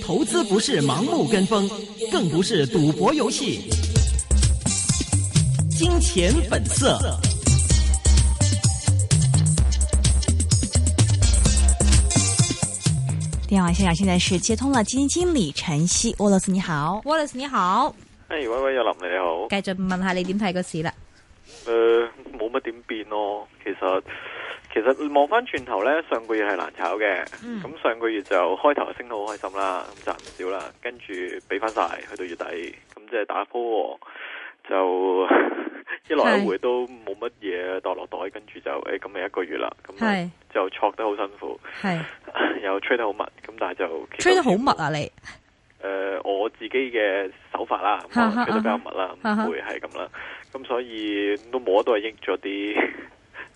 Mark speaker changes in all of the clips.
Speaker 1: 投資不是盲目跟風，更不是賭博遊戲。金錢本色。
Speaker 2: 電話先生現在是接通了基金經理陳昕，Wallace 你好，Wallace
Speaker 3: 你好，
Speaker 1: 哎，喂喂有林你好，繼、
Speaker 2: hey, 續問下你點睇個市啦？
Speaker 1: 呃，冇乜點變咯，其實。其實望翻轉頭咧，上個月係難炒嘅。咁、嗯、上個月就開頭升到好開心啦，賺唔少啦。跟住俾翻晒去到月底，咁即係打波、喔，就一來一回都冇乜嘢墮落袋。是跟住就誒、咁、欸、咪一個月啦，咁就挫是得好辛苦。係是 又吹得好密，咁但係就其實吹
Speaker 3: 得好密啊你！你
Speaker 1: 誒、呃，我自己嘅手法啦，吹啦、 嗯，吹得比較密啦，唔會係咁啦。咁、嗯嗯嗯、所以都摸都係益咗啲。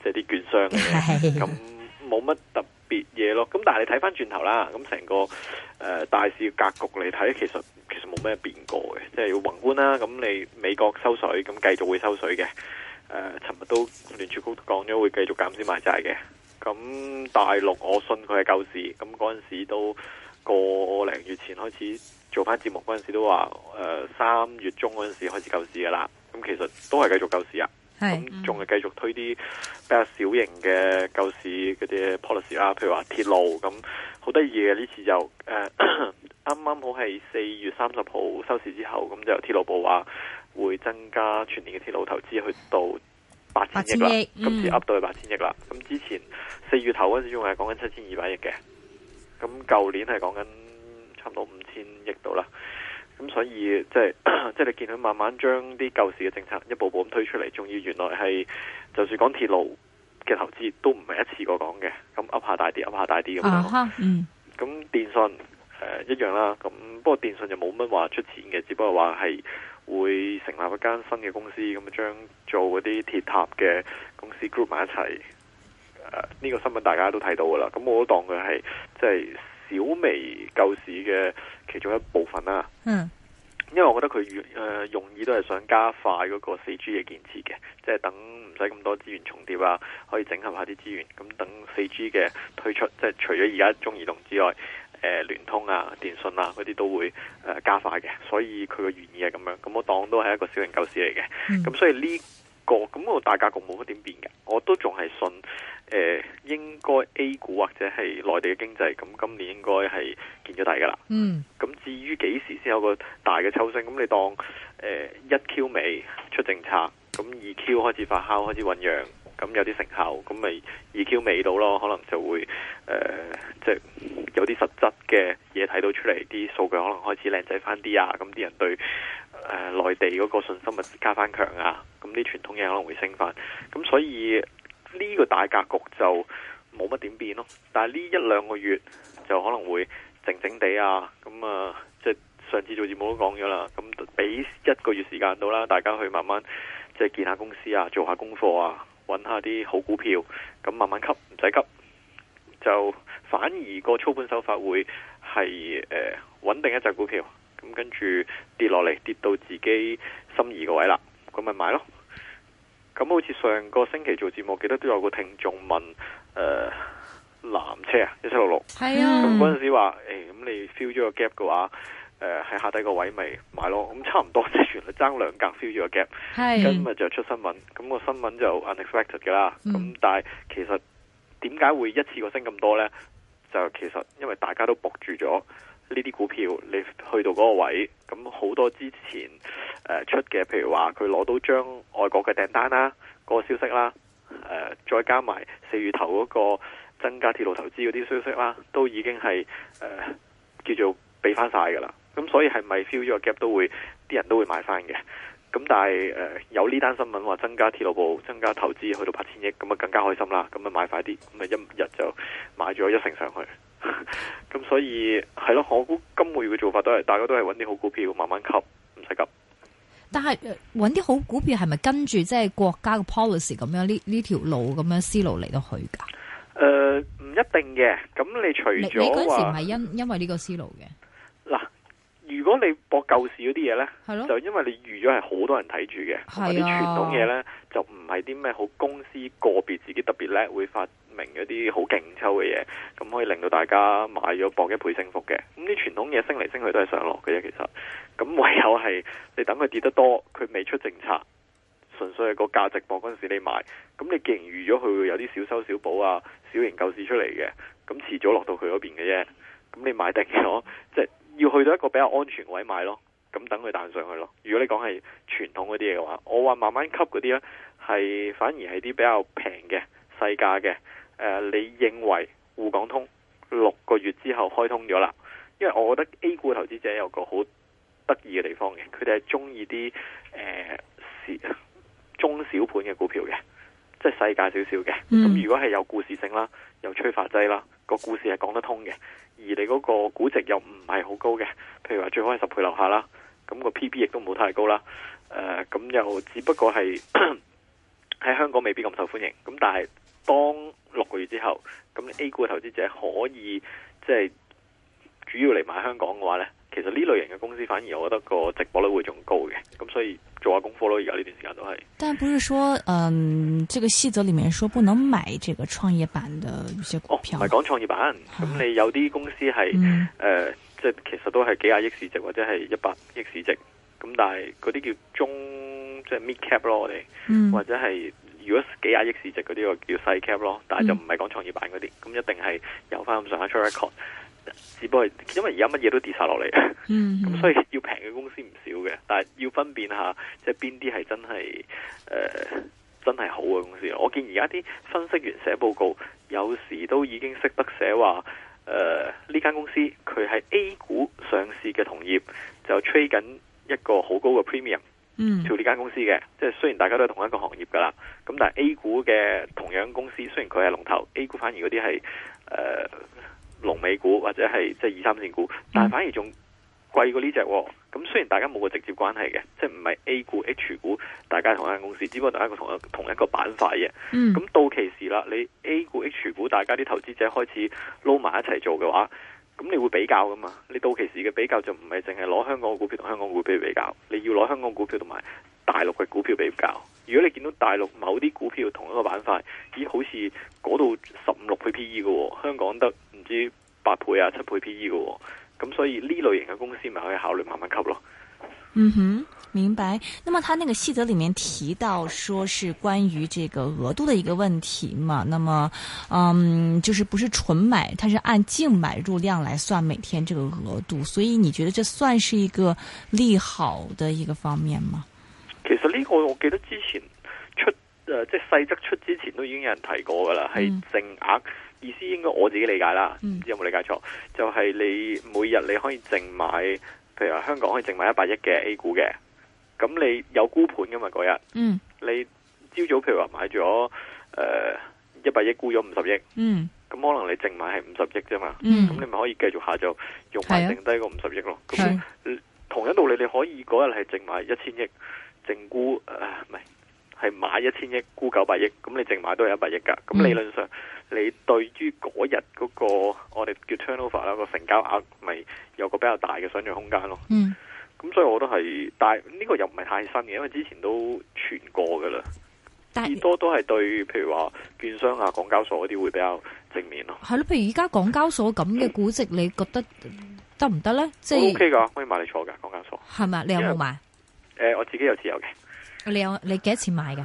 Speaker 1: 即係啲券商嘅，咁冇乜特別嘢咯。咁但係你睇翻轉頭啦，咁成個誒、呃、大市嘅格局嚟睇，其實其實冇咩變過嘅，即係要宏觀啦。咁你美國收水，咁繼續會收水嘅。誒、呃，尋日都聯儲局講咗會繼續減少買債嘅。咁大陸我信佢係救市，咁嗰陣時都過零月前開始做翻節目，嗰陣時都話誒三月中嗰陣時開始救市㗎喇。咁其實都係繼續救市啊。咁仲係繼續推啲比較小型嘅救市嗰啲 policy 啦，譬如話鐵路，咁好得意嘅呢次就呃、啱啱好係四月三十號收市之後，咁就鐵路部話會增加全年嘅鐵路投資去到八千億啦，億嗯、今次 up 到去八千億啦。咁之前四月頭嗰陣仲係講緊七千二百億嘅，咁舊年係講緊差唔多五千億到啦。咁、嗯、所以、就是、即係即係你見佢慢慢將啲舊時嘅政策一步步咁推出嚟，仲要原來係就算講鐵路嘅投資都唔係一次過講嘅，咁噏下大啲，噏下大啲咁樣。咁、啊嗯嗯、電信、呃、一樣啦，咁不過電信就冇乜話出錢嘅，只不過話係會成立一間新嘅公司，咁將做嗰啲鐵塔嘅公司 group 埋一齊。呢、呃這個新聞大家都睇到噶啦，咁我都當佢係即係小微舊市嘅其中一部分啦。嗯。因為我覺得佢越，誒用意都係想加快嗰個四 G 嘅建設嘅，即係等唔使咁多資源重疊啊，可以整合下啲資源，咁等四 G 嘅推出，即係除咗而家中移動之外，誒聯通啊、電信啊嗰啲都會誒加快嘅，所以佢嘅用意係咁樣。咁我當都係一個小型牛市嚟嘅，咁，嗯，所以呢個咁個大格局冇乜點變嘅，我都仲係信誒、呃，應該 A 股或者係內地嘅經濟，咁今年應該係見咗底噶啦。嗯，至於幾時先有個大嘅抽升？咁你當誒一、呃、Q 尾出政策，咁二 Q 開始發酵、開始醞釀，咁有啲成效，咁咪二 Q 尾到咯？可能就會誒，即、呃、係、就是、有啲實質嘅嘢睇到出嚟，啲數據可能開始靚仔翻啲啊！咁啲人對誒、呃、內地嗰個信心咪加翻強啊！咁啲傳統嘢可能會升翻，咁所以呢個大格局就冇乜點變咯。但係呢一兩個月就可能會。靜靜地啊，咁啊，即係上次做節目都講咗啦，咁俾一個月時間到啦，大家去慢慢即係見下公司啊，做下功課啊，揾下啲好股票，咁慢慢吸，唔使急，就反而個操盤手法會係誒穩定一隻股票，咁跟住跌落嚟跌到自己心儀個位啦，咁咪買咯。咁好似上個星期做節目，記得都有個聽眾問、呃藍車66，啊，一七六六係啊，咁嗰陣時話，誒、呃，咁你 fill 咗個 gap 嘅話是，誒，喺下低個位咪買咯，咁差唔多即係原來爭兩格 fill 咗個 gap，咁今日就出新聞，咁，那個新聞就 unexpected 嘅啦，咁，嗯，但係其實點解會一次過升咁多呢？就其實因為大家都博住咗呢啲股票，你去到嗰個位，咁好多之前誒、呃、出嘅，譬如話佢攞到張外國嘅訂單啦，嗰，那個消息啦，誒、呃，再加埋四月頭嗰，那個。增加鐵路投資嗰啲消息啦，都已經係誒、呃、叫做俾翻晒噶啦。咁所以係咪 feel 咗個 gap 都會啲人都會買翻嘅。咁但係誒、呃、有呢單新聞話增加鐵路部增加投資去到八千億，咁啊更加開心啦。咁啊買快啲，咁啊一日就買咗一成上去。咁 所以係咯，我估今個月嘅做法都係大家都係揾啲好股票慢慢吸，唔使急。
Speaker 3: 但係揾啲好股票係咪跟住即係國家嘅 policy 咁樣呢？呢條路咁樣思路嚟到去㗎？
Speaker 1: 一定嘅，咁你除咗話，你嗰時唔係因
Speaker 3: 因為呢個思路嘅。
Speaker 1: 嗱，如果你搏舊市嗰啲嘢呢，的就因為你預咗係好多人睇住嘅，同埋啲傳統嘢呢，就唔係啲咩好公司個別自己特別叻會發明一啲好勁抽嘅嘢，咁可以令到大家買咗搏一倍升幅嘅。咁啲傳統嘢升嚟升去都係上落嘅啫，其實。咁唯有係你等佢跌得多，佢未出政策。純粹係個價值博嗰陣時你買，咁你既然預咗佢會有啲小收小補啊，小型救市出嚟嘅，咁遲早落到佢嗰邊嘅啫。咁你買定咗，即係要去到一個比較安全位買咯，咁等佢彈上去咯。如果你講係傳統嗰啲嘢嘅話，我話慢慢吸嗰啲咧，係反而係啲比較平嘅細價嘅。誒、呃，你認為滬港通六個月之後開通咗啦？因為我覺得 A 股投資者有個好得意嘅地方嘅，佢哋係中意啲誒市。中小盤嘅股票嘅，即係世界少少嘅，咁、嗯、如果係有故事性啦，有催化劑啦，個故事係講得通嘅，而你嗰個估值，又唔係好高嘅，譬如話最好係十倍樓下啦，咁個 P B 亦都冇太高啦，誒、呃，咁又只不過係喺 香港未必咁受歡迎，咁但係當六個月之後，咁 A 股嘅投資者可以即係。就是主要嚟買香港嘅話呢，其實呢類型嘅公司反而我覺得個值博率會仲高嘅，咁所以做下功課咯。而家呢段時間都係。
Speaker 2: 但不是說，嗯、呃，這個細則裏面說不能買這個創業板的一些股
Speaker 1: 票。唔係講創業板，咁好你有啲公司係誒、嗯呃，即係其實都係幾廿億市值或者係一百億市值，咁但係嗰啲叫中即係 mid cap 咯，我哋，嗯、或者係如果是幾廿億市值嗰啲，我叫細 cap 咯，但係就唔係講創業板嗰啲，咁、嗯、一定係有翻咁上下出 record。只不過是因為而家乜嘢都跌晒落嚟，
Speaker 4: 咁、嗯、哼 所以
Speaker 1: 要平嘅公司唔少嘅，但係要分辨下即係邊啲係真係誒、呃、真係好嘅公司。我見而家啲分析員寫報告，有時都已經識得寫話，誒呢間公司佢喺 A 股上市嘅同業就 trade 緊一個好高嘅 premium，做呢間、嗯、公司嘅，即係雖然大家都係同一個行業噶啦，咁但係 A 股嘅同樣公司，雖然佢係龍頭，A 股反而嗰啲係誒。呃龍尾股或者係即係二三線股，但反而仲貴過呢隻，咁雖然大家冇個直接關係嘅，即係唔係 A 股 H 股，大家同一間公司，只不過大家個同一個同一個板塊嘅，咁、嗯、到期時啦，你 A 股 H 股，大家啲投資者開始撈埋一齊做嘅話，咁你會比較噶嘛？你到期時嘅比較就唔係淨係攞香港股票同香港的股票比比較，你要攞香港股票同埋大陸嘅股票比較。如果你見到大陸某啲股票同一個板塊，咦好似嗰度十五六倍 PE 嘅，香港得唔知八倍啊七倍 PE 嘅，咁所以呢類型嘅公司咪可以考慮慢慢吸咯。嗯
Speaker 2: 哼，明白。那麼他那個細則裏面提到，說是關於這個額度的一個問題嘛？那麼，嗯，就是不是純買，它是按淨買入量來算每天這個額度，所以你覺得這算是一個利好的一個方面嗎？
Speaker 1: 其實呢個我記得之前出誒、呃，即係細則出之前都已經有人提過噶啦，係淨額意思應該我自己理解啦，嗯、唔知有冇理解錯，就係、是、你每日你可以淨買，譬如話香港可以淨買一百億嘅 A 股嘅，咁你有沽盤噶嘛？嗰日，嗯，你朝早譬如話買咗誒一百億沽咗五十億，呃、億
Speaker 4: 了
Speaker 1: 50億嗯，咁可能你淨買係五十億啫嘛，嗯，咁你咪可以繼續下晝用埋剩低個五十億咯，咁，同樣道理你可以嗰日係淨買一千億。淨沽誒，唔係，係買一千億沽九百億，咁你淨買都有一百億噶。咁理論上，嗯、你對於嗰日嗰個我哋叫 turnover 啦，個成交額咪有個比較大嘅想象空間咯。嗯，咁所以我都係，但係呢個又唔係太新嘅，因為之前都傳過噶啦。但係是多都係對，譬如話券商啊、港交所嗰啲會比較正面咯。係
Speaker 3: 咯，譬如而家港交所咁嘅估值，嗯、你覺得得唔得咧？即係
Speaker 1: O K 噶，可以買你做噶，港交所係
Speaker 3: 咪？你有冇買？Yeah.
Speaker 1: 誒、呃，我自己有自由嘅。
Speaker 3: 你有你幾多錢買嘅？誒、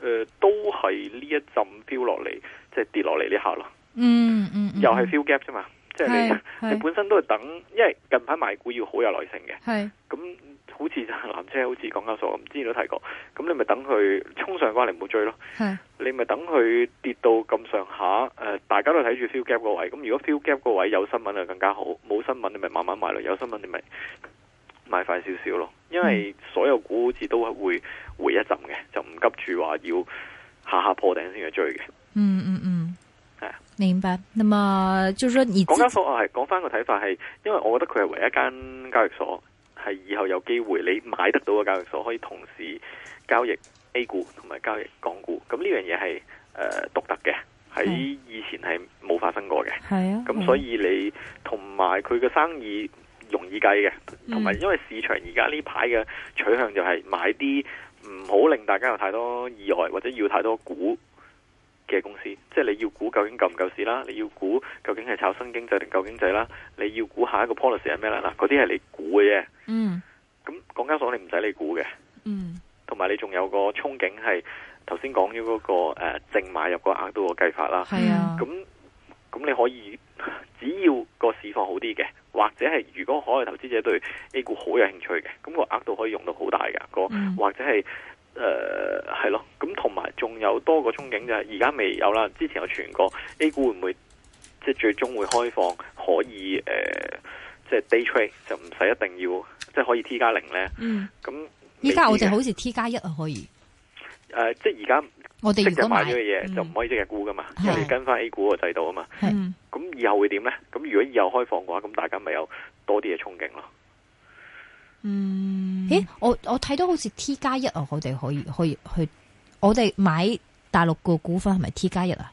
Speaker 1: 呃，都係呢一陣飚落嚟，即、就、係、是、跌落嚟呢下咯、嗯。嗯嗯，又係 f e e l gap 啫嘛，是即係你是你本身都係等，因為近排賣股要好有耐性嘅。係是。咁好似就藍車，好似港交所，我之前都提過。咁你咪等佢衝上翻嚟冇追咯。是你咪等佢跌到咁上下，誒、呃，大家都睇住 f e e l gap 個位。咁如果 f e e l gap 個位有新聞就更加好，冇新聞你咪慢慢買咯。有新聞你咪。買快少少咯，因為所有股市都會回一浸嘅，就唔急住話要下下破頂先去追嘅、
Speaker 3: 嗯。嗯嗯嗯，是明白。那麼就
Speaker 1: 說你，港交所講翻個睇法係，因為我覺得佢係唯一一間交易所係以後有機會你買得到嘅交易所，可以同時交易 A 股同埋交易港股。咁呢樣嘢係誒獨特嘅，喺以前係冇發生過嘅。
Speaker 4: 係啊，咁、啊、所以
Speaker 1: 你同埋佢嘅生意，容易計嘅，同埋因為市場而家呢排嘅取向就係買啲唔好令大家有太多意外或者要太多估嘅公司，即係你要估究竟夠唔夠市啦，你要估究竟係炒新經濟定舊經濟啦，你要估下一個 policy 係咩啦，嗱嗰啲係你估嘅啫。嗯，咁港交所你唔使你估嘅。嗯，同埋你仲有個憧憬係頭先講咗嗰個誒淨、呃、買入個額度嘅計法啦。係啊、嗯，咁咁、嗯、你可以。只要個市況好啲嘅，或者係如果海外投資者對 A 股好有興趣嘅，咁、個額度可以用到好大㗎個、嗯、或者係誒係咯。咁同埋仲有多個憧憬就係而家未有啦，之前有傳過 A 股會唔會即係、即係、最終會開放可以即係 day trade 就唔使一定要即係可以 T 加零咧。
Speaker 4: 咁依家
Speaker 3: 我哋好似 T 加一啊，可以。
Speaker 1: 即係而家我哋即買咗嘅嘢就唔可以即日沽噶嘛，因為跟翻 A 股個制度啊嘛。嗯。以後會點呢？咁如果以後開放嘅話，咁大家咪有多啲嘅憧憬咯、嗯。
Speaker 3: 嗯，誒，我我睇到好似 T 加一啊，我哋可以可以去，我哋買大陸個股份係咪 T 加一啊？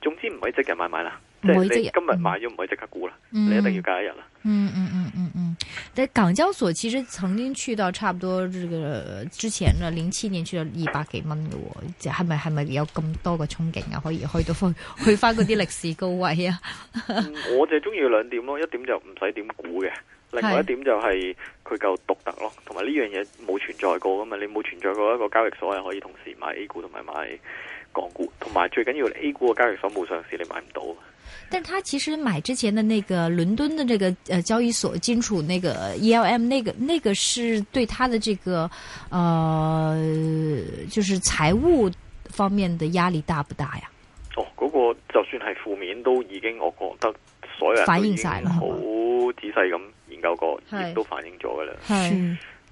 Speaker 1: 總之唔可以即日買買啦，即係你今日買咗唔可以即刻沽啦，你一定要隔一日啦。嗯嗯嗯
Speaker 4: 嗯嗯。嗯嗯嗯嗯
Speaker 3: 但港交所其實曾經去到差不多之前的零七年去到二百幾蚊嘅喎，係咪係咪有咁多嘅憧憬啊？可以去到去去翻嗰啲歷史高位啊？ 嗯、
Speaker 1: 我就中意兩點咯，一點就唔使點估嘅，另外一點就係佢夠獨特咯，同埋呢樣嘢冇存在過噶嘛？你冇存在過一個交易所係可以同時買 A 股同埋買。港股同埋最緊要 A 股嘅交易所冇上市，你買唔到。
Speaker 3: 但係佢其實買之前的那個倫敦的這個，呃，交易所金屬那個 E L M，那個那個是對他的這個，呃，就是財務方面的壓力大不大呀？
Speaker 1: 哦，嗰、那個就算係負面，都已經我覺得所有人反映晒啦。好仔細咁研究過，亦都反映咗噶啦。是。嗯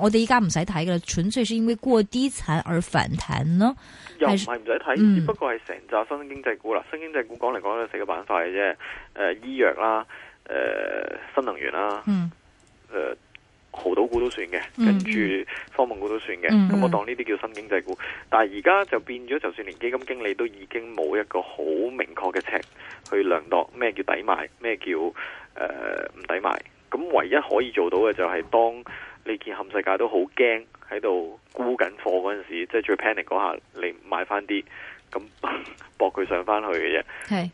Speaker 3: 我哋依家唔使睇噶啦，純粹係因為過低殘而反彈囉。
Speaker 1: 又唔係唔使睇，嗯、只不過係成紮新經濟股啦。新經濟股講嚟講去，四個板塊嘅啫，誒、呃，醫藥啦，誒、呃，新能源啦，誒、嗯，濠賭、呃、股都算嘅，跟住科網股都算嘅。咁、嗯、我當呢啲叫新經濟股，嗯、但係而家就變咗，就算連基金經理都已經冇一個好明確嘅尺去量度咩叫抵買，咩叫誒唔、呃、抵買。咁唯一可以做到嘅就係當。你見冚世界都好驚，喺度沽緊貨嗰陣時，即係最 panic 嗰下你買翻啲，咁博佢上翻去嘅啫。是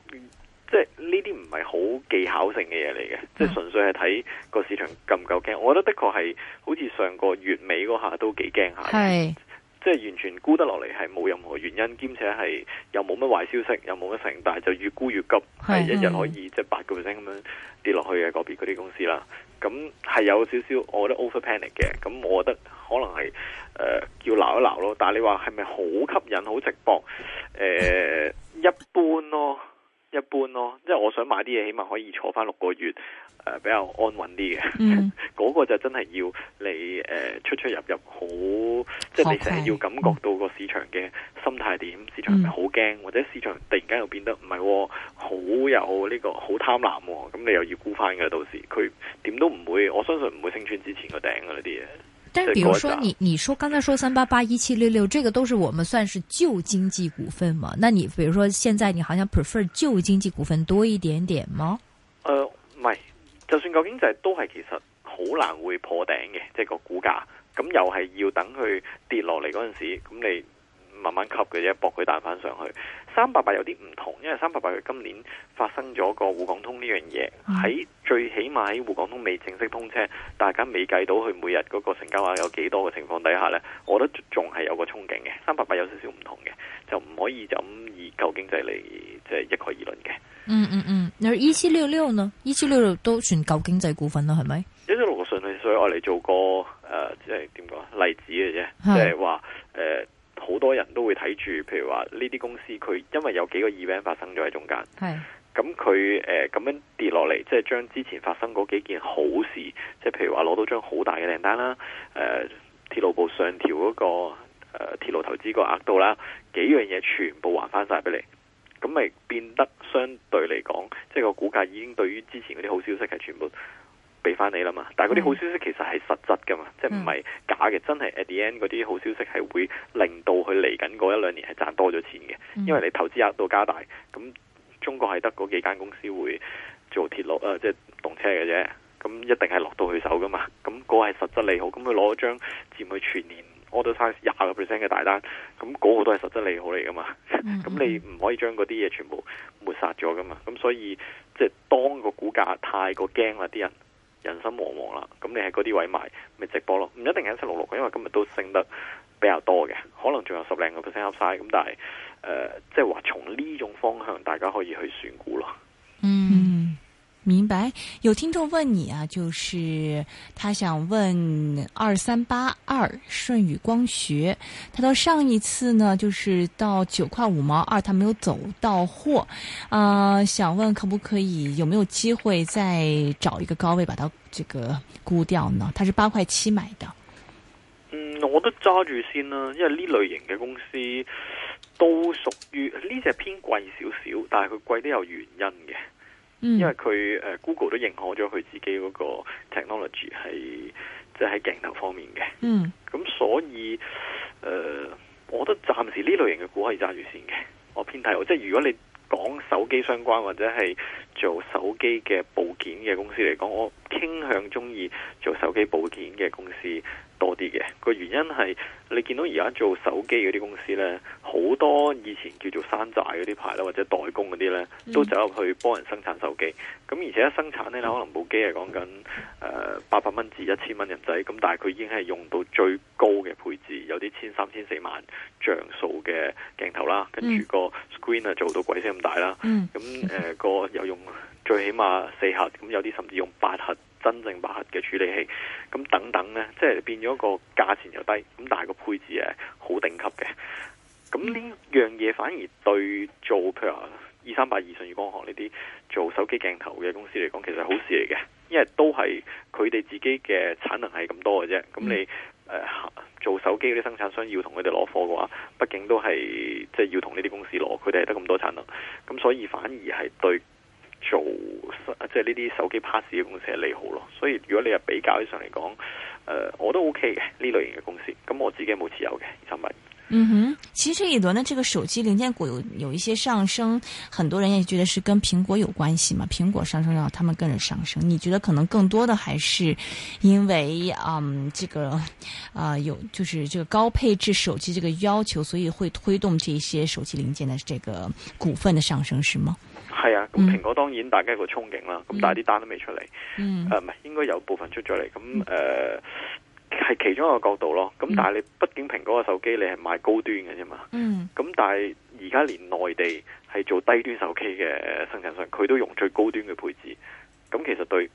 Speaker 1: 即係呢啲唔係好技巧性嘅嘢嚟嘅，嗯、即係純粹係睇個市場夠唔夠驚。我覺得的確係好似上個月尾嗰下都幾驚下，係是即係完全沽得落嚟係冇任何原因，兼且係又冇乜壞消息，又冇乜成。但係就越沽越急，係是一日可以、嗯、即係八個 percent 咁樣跌落去嘅嗰邊嗰啲公司啦。咁係有少少，我覺得 over panic 嘅。咁我覺得可能係誒要鬧一鬧咯。但你話係咪好吸引、好值博？誒、呃，一般咯。一般咯，即係我想買啲嘢，起碼可以坐翻六個月，誒、呃、比較安穩啲嘅。嗰、嗯、 個就真係要你誒、呃、出出入入好，即、就、係、是、你成日要感覺到個市場嘅心態點，okay, 嗯、市場係咪好驚，或者市場突然間又變得唔係好有呢、這個好貪婪，咁、哦、你又要估翻嘅。到時佢點都唔會，我相信唔會升穿之前個頂嗰啲嘢。但係，比如說
Speaker 3: 你，你說剛才說三八八一七六六，這個都是我們算是舊經濟股份嘛？那你，比如說現在你好像 prefer 舊經濟股份多一點點嗎？
Speaker 1: 誒、呃，唔係，就算舊經濟都係其實好難會破頂嘅，即係個股價，咁又係要等佢跌落嚟嗰陣時，咁你。慢慢吸嘅啫，搏佢彈翻上去。三八八有啲唔同，因為三八八佢今年發生咗個滬港通呢樣嘢，喺、嗯、最起碼喺滬港通未正式通車，大家未計到佢每日嗰個成交額有幾多嘅情況底下呢，我覺得仲係有個憧憬嘅。三八八有少少唔同嘅，就唔可以就咁以舊經濟嚟即係一概而論嘅、嗯。
Speaker 3: 嗯嗯嗯，那二七六六呢？二七六六都算舊經濟股份啦，係咪？
Speaker 1: 一六六股訊係所以我嚟做個誒，即係點講例子嘅啫，即係話誒。好多人都會睇住，譬如話呢啲公司，佢因為有幾個 event 發生咗喺中間，咁佢誒咁樣跌落嚟，即係將之前發生嗰幾件好事，即係譬如話攞到張好大嘅訂單啦，誒、呃、鐵路部上調嗰、嗰個、呃、鐵路投資個額度啦，幾樣嘢全部還翻晒俾你，咁咪變得相對嚟講，即係個股價已經對於之前嗰啲好消息係全部，俾翻你啦嘛，但係嗰啲好消息其實係實質噶嘛，嗯、即係唔係假嘅，真係 at the end 嗰啲好消息係會令到佢嚟緊嗰一兩年係賺多咗錢嘅，嗯、因為你投資額度加大，咁中國係得嗰幾間公司會做鐵路啊，即、呃、係、就是、動車嘅啫，咁一定係落到去手噶嘛，咁、那、嗰個係實質利好，咁佢攞張佔佢全年 order size 廿個 percent 嘅大單，咁、那、嗰個都係實質利好嚟噶嘛，咁、嗯、 你唔可以將嗰啲嘢全部抹殺咗噶嘛，咁所以即係當那個股價太過驚啦，啲人。人心惶惶啦，咁你喺嗰啲位買咪直播咯，唔一定係一七六六，因為今日都升得比較多嘅，可能仲有十零個 percent upside。咁但係誒，即係話從呢種方向大家可以去選股咯。
Speaker 2: 明白，有聽眾問你啊，就是他想問二三八二舜宇光學，他到上一次呢，就是到九塊五毛二，他沒有走到貨，啊、呃，想問可不可以有沒有機會再找一個高位把它這個沽掉呢？他是八塊七買的。嗯，
Speaker 1: 我都揸住先啦，因為呢類型嘅公司都屬於呢隻偏貴少少，但係佢貴都有原因嘅。因為佢誒，Google 都認可咗佢自己嗰個 technology 係，即係喺鏡頭方面嘅。嗯，咁所以誒，我覺得暫時呢類型嘅股可以揸住先嘅。我偏睇，我即係如果你講手機相關或者係做手機嘅部件嘅公司嚟講，我傾向中意做手機部件嘅公司。多啲嘅個原因係你見到而家做手機嗰啲公司咧，好多以前叫做山寨嗰啲牌啦，或者代工嗰啲咧，都走入去幫人生產手機。咁、嗯、而且一生產咧，嗯、可能部機係講緊誒八百蚊至一千蚊人仔，咁、呃、但係佢已經係用到最高嘅配置，有啲千三千四萬像素嘅鏡頭啦，跟住個 screen 啊做到鬼死咁大啦。咁誒個又用最起碼四核，咁有啲甚至用八核。真正八核嘅處理器，咁等等呢，即係變咗個價錢又低，咁但係個配置誒好頂級嘅。咁呢樣嘢反而對做譬如二三八二舜宇光學呢啲做手機鏡頭嘅公司嚟講，其實係好事嚟嘅，因為都係佢哋自己嘅產能係咁多嘅啫。咁你誒、呃、做手機嗰啲生產商要同佢哋攞貨嘅話，畢竟都係即係要同呢啲公司攞，佢哋係得咁多產能，咁所以反而係對。做即係呢啲手機 pass 嘅公司係利好咯，所以如果你係比較起上嚟講，誒、呃，我都 OK 嘅呢類型嘅公司，咁我自己冇持有嘅，你
Speaker 2: 咪。嗯哼，其實這一輪呢，這個手機零件股有有一些上升，很多人也覺得是跟蘋果有關係嘛，蘋果上升到，他們跟着上升。你覺得可能更多的還是因為，嗯，這個，啊、呃，有就是這個高配置手機這個要求，所以會推動這些手機零件的這個股份的上升，是嗎？
Speaker 1: 係啊，咁蘋果當然大家有個憧憬啦，咁、嗯、但係啲單都未出嚟，誒唔係，應該有部分出咗嚟，咁誒係其中一個角度咯，咁、嗯、但係你畢竟蘋果嘅手機你係賣高端嘅啫嘛，咁、嗯、但係而家連內地係做低端手機嘅生產商，佢都用最高端嘅配置，咁其實對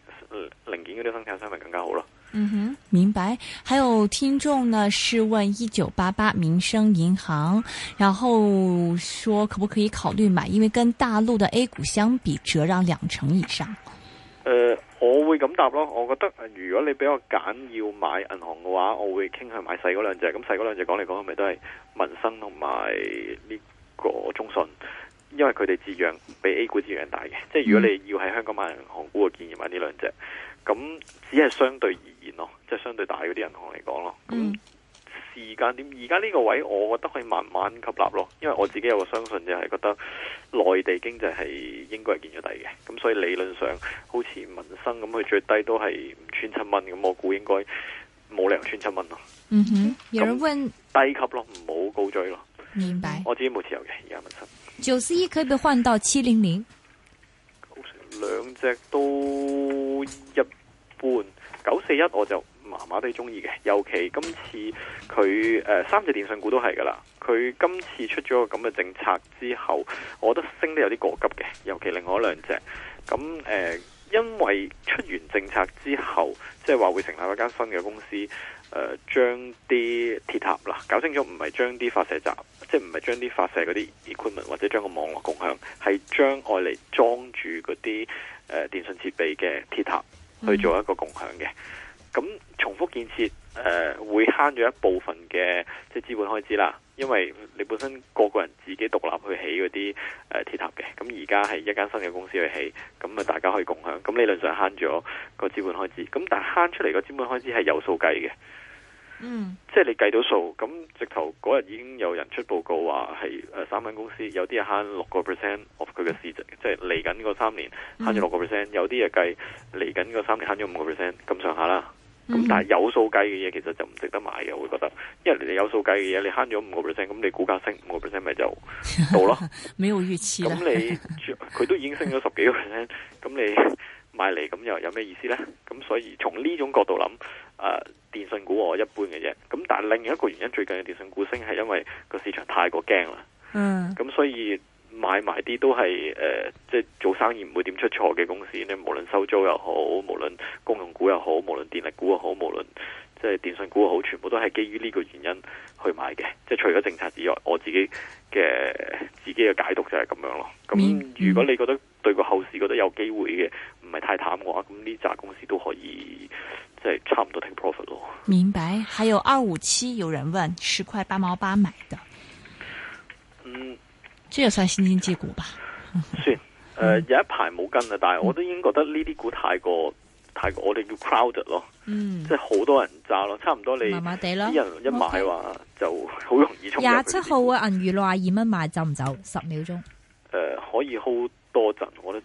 Speaker 1: 零件嗰啲生產商咪更加好咯。
Speaker 2: 嗯哼，明白。還有聽眾呢，是問一九八八民生銀行，然後說可不可以考慮買，因為跟大陸的 A 股相比，折讓兩成以上。
Speaker 1: 誒、呃，我會咁答咯。我覺得如果你比較揀要買銀行嘅話，我會傾向買細嗰兩隻。咁細嗰兩隻講嚟講去，咪都係民生同埋呢個中信，因為佢哋折讓比 A 股折讓大嘅。即係如果你要喺香港買銀行股，我建議買呢兩隻。咁只係相對而言咯，即係相對大嗰啲銀行嚟講咯。咁、嗯、時間點而家呢個位，我覺得可以慢慢吸納咯。因為我自己有個相信就係覺得內地經濟係應該係見咗底嘅。咁所以理論上，好似民生咁，佢最低都係唔穿七蚊咁，我估應該冇理由穿七蚊咯。嗯
Speaker 3: 哼，有人問咁
Speaker 1: 低級咯，唔好高追咯。明白、嗯。我自己冇持有嘅而家民生
Speaker 3: 九十一可以被換到七零零。
Speaker 1: 兩隻都一般，九四一我就麻麻地鍾意嘅，尤其今次佢、呃、三隻電信股都係㗎喇，佢今次出咗個咁嘅政策之後，我覺得升得有啲過急嘅，尤其另外兩隻。咁、嗯呃、因為出完政策之後，即係話會成立一間新嘅公司。誒、呃、將啲鐵塔啦，搞清楚唔係將啲發射站，即係唔係將啲發射嗰啲 equipment 或者將個網絡共享，係將愛嚟裝住嗰啲誒電信設備嘅鐵塔去做一個共享嘅。咁重複建設誒、呃、會慳咗一部分嘅即係資本開支啦，因為你本身個個人自己獨立去起嗰啲誒鐵塔嘅，咁而家係一間新嘅公司去起，咁咪大家可以共享，咁理論上慳咗個資本開支。咁但係慳出嚟個資本開支係有數計嘅。嗯，即係你計到數，咁直頭嗰日已經有人出報告話係誒，三間公司有啲係慳六個 percent of 佢嘅市值，即係嚟緊嗰三年慳咗六個 percent，有啲嘢計嚟緊嗰三年慳咗五個 percent 咁上下啦。咁但係有數計嘅嘢其實就唔值得買嘅，我會覺得，因為你有數計嘅嘢你慳咗五個 percent，咁你股價升五個 percent 咪就到咯。
Speaker 2: 沒有預期。咁你
Speaker 1: 佢都已經升咗十幾個 percent，咁你。.買嚟咁又有咩意思呢？咁所以從呢種角度諗，誒、呃，電信股我一般嘅啫。咁但係另一個原因，最近嘅電信股升係因為個市場太過驚啦。嗯。咁所以買埋啲都係誒，即、呃、係、就是、做生意唔會點出錯嘅公司呢，你無論收租又好，無論公用股又好，無論電力股又好，無論即係電信股又好，全部都係基於呢個原因去買嘅。即、就、係、是、除咗政策之外，我自己嘅自己嘅解讀就係咁樣咯。咁如果你覺得，對個後市覺得有機會嘅，唔係太淡嘅話，咁呢紮公司都可以，即係差唔多 take
Speaker 2: profit 咯。明白。還有二五七有人問，十塊八毛八買嘅，嗯，這也算新經濟股吧？
Speaker 1: 算。誒、嗯呃，有一排冇跟啊，但係我都已經覺得呢啲股太過、嗯、太過，我哋叫 crowded 咯，嗯，即係好多人揸咯，差唔多你麻麻地咯，啲人一買話 okay 就好容易出。廿
Speaker 3: 七號嘅銀娛六廿二蚊買，走唔走？十秒鐘。誒、
Speaker 1: 呃，可以 hold。多陣，我咧。